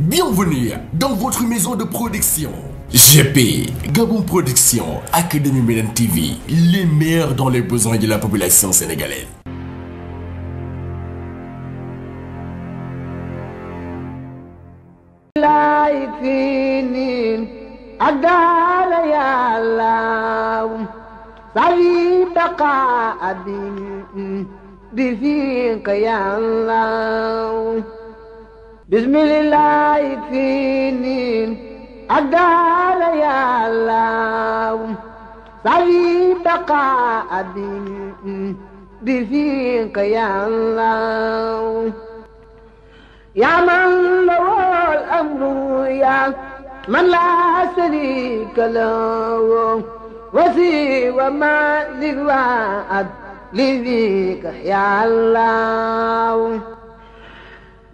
Bienvenue dans votre maison de production. GP, Gabon Production, Académie Médan les meilleurs dans les besoins de la population sénégalaise. bismillah fii niin ak daara yàllaaw sawi baqa abin bi fiika yàllaaw yaa man lawol amru yaa man laa sharika lahu wasi wa ma lil waad li fiika yàllaaw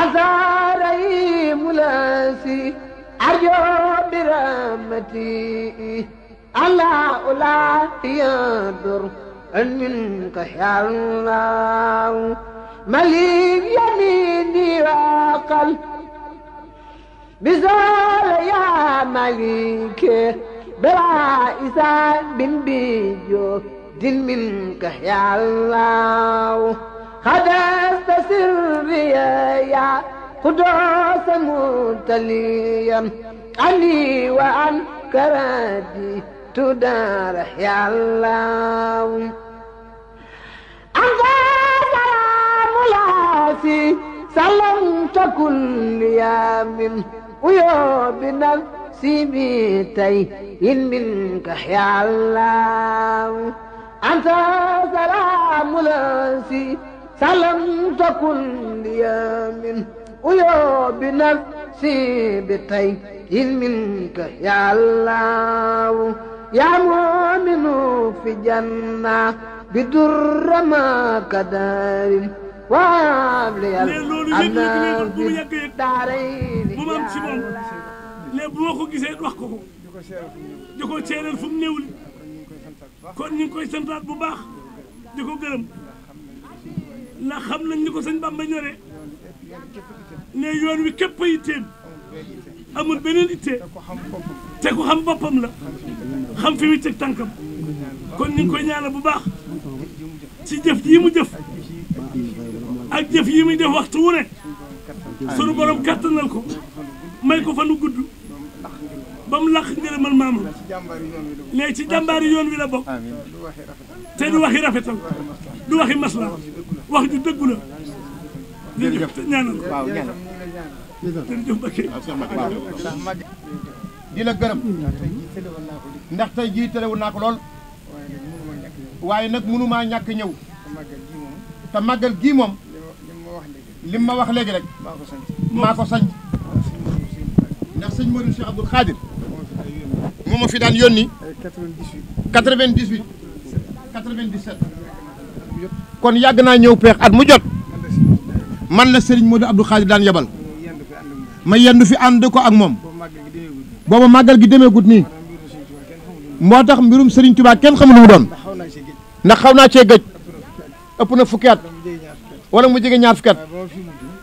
عزاري ملاسي أرجو برحمتي الله لا يضر أن منك يا الله مليك يميني وقل بزار يا مليك بلا إسان بن بيجو دين منك يا الله خدر سريا يا قدوس متليا عني وعن كرادي تدار يا الله أنت سلام لاسي سلمت كل يوم ويا بنفسي بيتي إن منك يا الله أنت سلام لاسي فلم تكن لي من أيا بنفسي بتيئن منك يا الله يا مؤمن في جنة بدر ما كدار وابلي الأمنا بالدارين يا الله lépp boo ko gisee wax ko ko di ko seeral fu mu néewul kon ñu ngi koy santaat bu baax di ko gërëm ndax xam nañ ni ko sëñ Bamba ñoree ne yoon wi képp a yitteem amul beneen ittee te ku xam boppam la xam fi muy teg kon ñu ngi koy ñaanal bu baax ci jëf yi mu jëf ak jëf yi muy def waxtu wu ne sunu borom kàttanal ko may ko fa nu gudd ba mu laq ngërëmal maam la ne ci jàmbaari yoon wi la bokk te du waxi rafetal du waxi masla wax ju dëggu la. jërëjëf ñaanal ko waaw ñaanal. jërëjëf Mbacke. di la gërëm. ndax tey jii tëlewul naa ko lool. waaye nag mënumaa ñàkk ñëw. te màggal gii moom. lim ma wax léegi rek. maa ko sañ. ndax sëñ Modou si Abdoul Khadir. moo ma fi daan yónni. 98. 98. 97. kon yàgg naa ñëw peex at mu jot man sëriñ moo Modou Abdou Khadir daan yebal ma yendu fi ànd ko ak moom booba màggal gi demee demeegut nii moo tax mbirum sëriñ Touba kenn xamul lu mu doon ndax xaw naa cee gëj ëpp na fukki at wala mu jege ñaar fukki at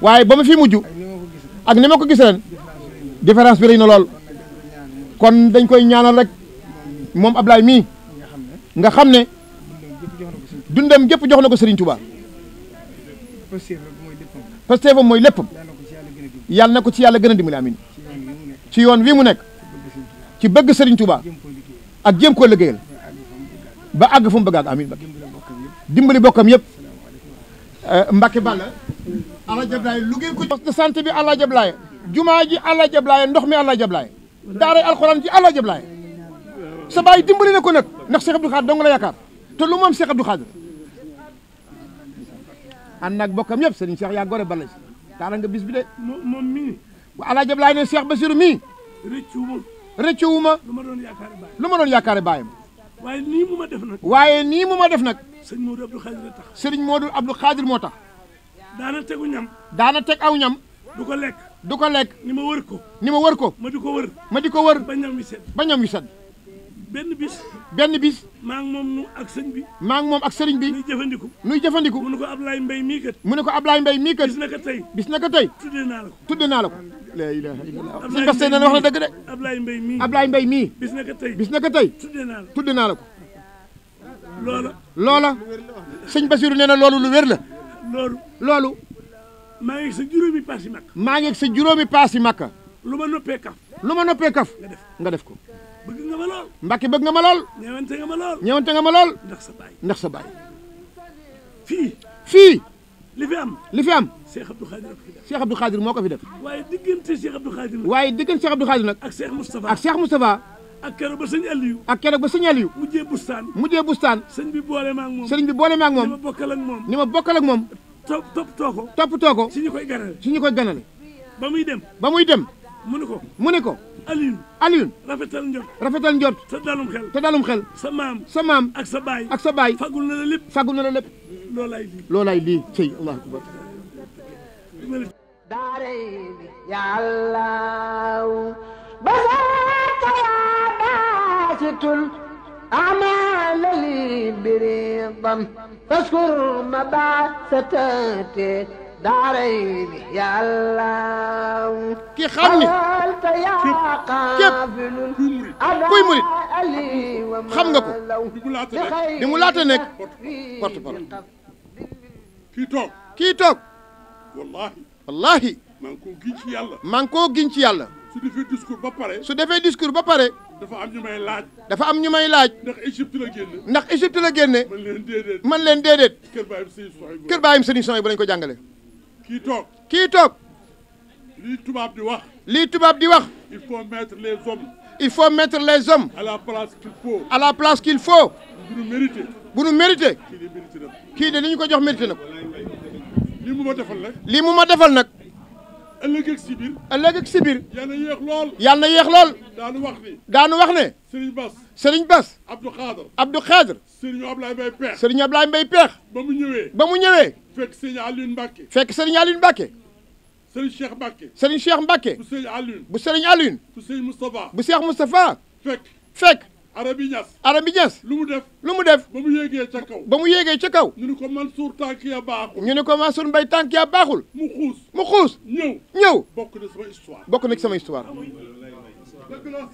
waaye ba ma fi mujj ak ni ma ko gis ren différence bi rëy na lool kon dañ koy ñaanal rek moom Ablaye mii nga xam ne. dundam jëpp jox na ko Serigne Touba pasteefam mooy léppam yàlla na ko ci yàlla gën a dimbali amin ci yoon wi mu nekk ci bëgg Serigne Touba ak jéem koo liggéeyal ba àgg fu mu bëgg àgg amin dimbali bokkam yépp eh, Mbacke Balla ala jablaay lu ngeen ko de santé bi ala jablaay jumaa ji ala jablaay ndox mi ala jablaay daaray alxuraan ji ala jablaay sa baay dimbali na ko nag ndax Cheikh Abdou Khadre dong la yaakaar te lu moom Cheikh Abdou Khadir ànd nag bokkam yëpp sëriñ Cheikh yaa gore bala si taala nga bis bi de moom mii wa alaaji Ablaay ne Cheikh Basiru mii rëccuwuma rëccuwuma lu ma doon yaakaare baayam lu ma doon yaakaare baayam waaye nii mu ma def nag waaye nii mu ma def nag sëriñ Moodu Abdou Khadir moo tax sëriñ Moodu Abdou Khadir moo tax daana tegu ñam daana teg aw ñam du ko lekk du ko lekk ni ma wër ko ni ma wër ko ma di ko wër ma di ko wër ba ñam wi sedd ba ñam wi benn bis. benn bis. maa ngi moom ak sëñ bi. maa ngi moom ak sëriñ bi. nuy jëfandiku. nuy jëfandiku. mu ne ko Ablaye Mbaye mii kat. mu ne ko Ablaye Mbaye mii kat. bis na ko tey. bis na ko tey. tuddee naa la ko. la ko. laa ilaaha illallaah. Ablaye Mbaye mii suñu na wax na dëgg de. Ablaye Mbaye mii. Ablaye bis na ko tey. bis na ko tey. tuddee naa ko. tuddee naa la ko. loola. loola sëñ Basiru nee na loolu lu wér la. loolu. loolu. maa ngi ak sa juróomi paas yi makka. maa ngi ak juróomi paas yi makka. lu ma noppee kaf. lu ma noppee kaf. nga def ko bëgg nga ma lool. Mbacke bëgg nga ma lool. ñëwante nga ma lool. ñëwante nga ma lool. ndax sa baay ndax fii. fii. li fi am li fi am. Cheikh Abdou Khadir moo ko fi def. Cheikh Abdou Khadir moo ko fi def. waaye diggante Cheikh Abdou Khadir nag. waaye diggante Cheikh Abdou Khadir nag. ak Cheikh Moustapha ak Cheikh Moustapha. ak keroog ba sëñ Aliou. ak keroog ba sëñ Aliou. mujjee bustaan. mujjee bustaan. sëñ bi boole ma ak moom sëñ bi boole ma ak moom. ni ma bokkal ak moom. ni ma bokkal ak moom. topp tooko ko. toppatoo ko. si ñu koy ganale si ñu koy ganale. ba muy dem. ba muy dem. mu ne ko mu ne ko. Alioune Alioune rafetal njot rafetal njot te dalum xel te dalum xel sa maam sa maam ak sa baay ak sa baay fagul na la lépp fagul na la lépp loolaay lii loolaay lii cëy allahu akbar daaray ya allah basaraka ya basitul أعمال لي بريضا فاذكر مبعثتك daarayni ya allah ki xam ni képp kuy murit xam nga ko di mu laata nekk porte parole kii toog kii toog wallaahi wallaahi maa ngi koo giñ ci yàlla maa koo giñ ci yàlla su defee discours ba pare su defee discours ba pare dafa am ñu may laaj dafa am ñu may laaj ndax Égypte la génne ndax Égypte la génne man leen déedéet man leen déedéet kër baayam sëriñ Sohaybu lañ ko jàngale kii toog kii toog lii tubaab di wax lii tubaab di wax il faut mettre les hommes il faut mettre les hommes à la place qu'il faut à la place qu'il faut bu nu mérité bu nu mérité kii de li ñu ko jox mérité na lii mu ma defal nag lii mu ma defal nag ëllëg ak si biir ëllëg ak si biir yal na yéex lool yal na yéex lool wax ne daanu wax ne Serigne Bass Serigne Bass Abdou Khadr Abdou Khadr Serigne Ablaye Mbaye Peex Serigne Ablaye Mbaye ba mu ñëwee ba mu fekk Serigne Alioune Mbacké fekk Serigne Alioune Mbacké Serigne Cheikh Mbacké Serigne Cheikh Mbacké bu Serigne Alioune bu Serigne Alioune bu Serigne Moustapha bu Cheikh fekk fekk Arabi Niass Arabi Niass lu mu def lu mu def ba mu ba mu yéegee ca kaw ñu ko Mansour tànk ya ñu ne ko Mansour Mbaye tànk ya baaxul mu xuus mu xuus ñëw ñëw bokk na sama bokk na ci sama histoire dëgg la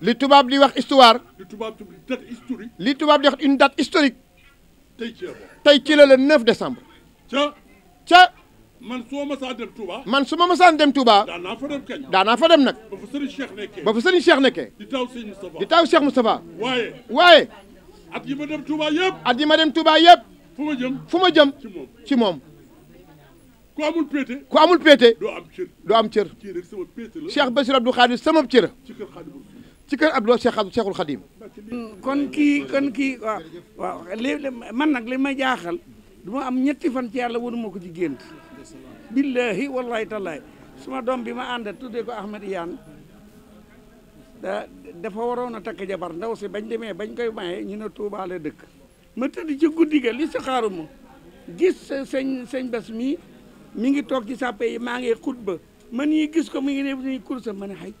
li tubaab di wax li wax histoire li tubaab di date historique li tubaab di wax une date historique tey ci la tey ci la le 9 ca man soo masaan dem Touba. man su ma masaan dem Touba. daanaa fa dem daanaa fa dem nag. ba fa Serigne Cheikh nekkee. ba fa Serigne Cheikh nekkee. di taw Serigne Moustapha. di taw Cheikh waaye. waaye. at yi ma dem Touba yëpp. at yi ma dem Touba yëpp. fu ma jëm. fu ma jëm. ci moom ko moom. ku amul péete. ku amul péete. doo am cër. doo am cër. kii rek sama péete la. Cheikh Bassirou Abdou Khadir ci kër Khadim. ci kër Khadim. Mm, kon kii kon kii waa waaw man nag li ma jaaxal du ma am ñetti fan ci yàlla wanu ma ko ci gént billaahi wallaahi tallaahi suma doom bi ma ànda tuddee ko Ahmed Iyane da dafa waroon a takk jabar ndaw si bañ demee bañ koy maye ñu ne Touba dëkk ma tëdd ci guddi ga li si xaaruma gis sëñ sëñ bas mii mu ngi toog ci sàppe yi maa ngi ba man yi gis ko mi ngi def ni kursa ma ne xay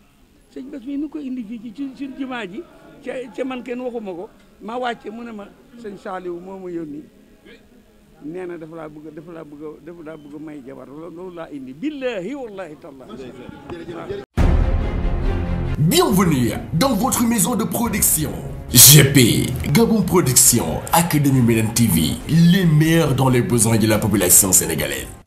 sëñ bas mii nu ko indi fii ci suñ jumaa ji ca ca man kenn waxuma ko ma wàcce mu ne ma sëñ Saaliw moo ma yónni nee na dafa laa bëgg dafa laa bëgg dafa bëgg may jabar loolu laa indi billahi wallahi taala Bienvenue dans votre maison de production GP Gabon Production Académie Médan TV les meilleurs dans les besoins de la population sénégalaise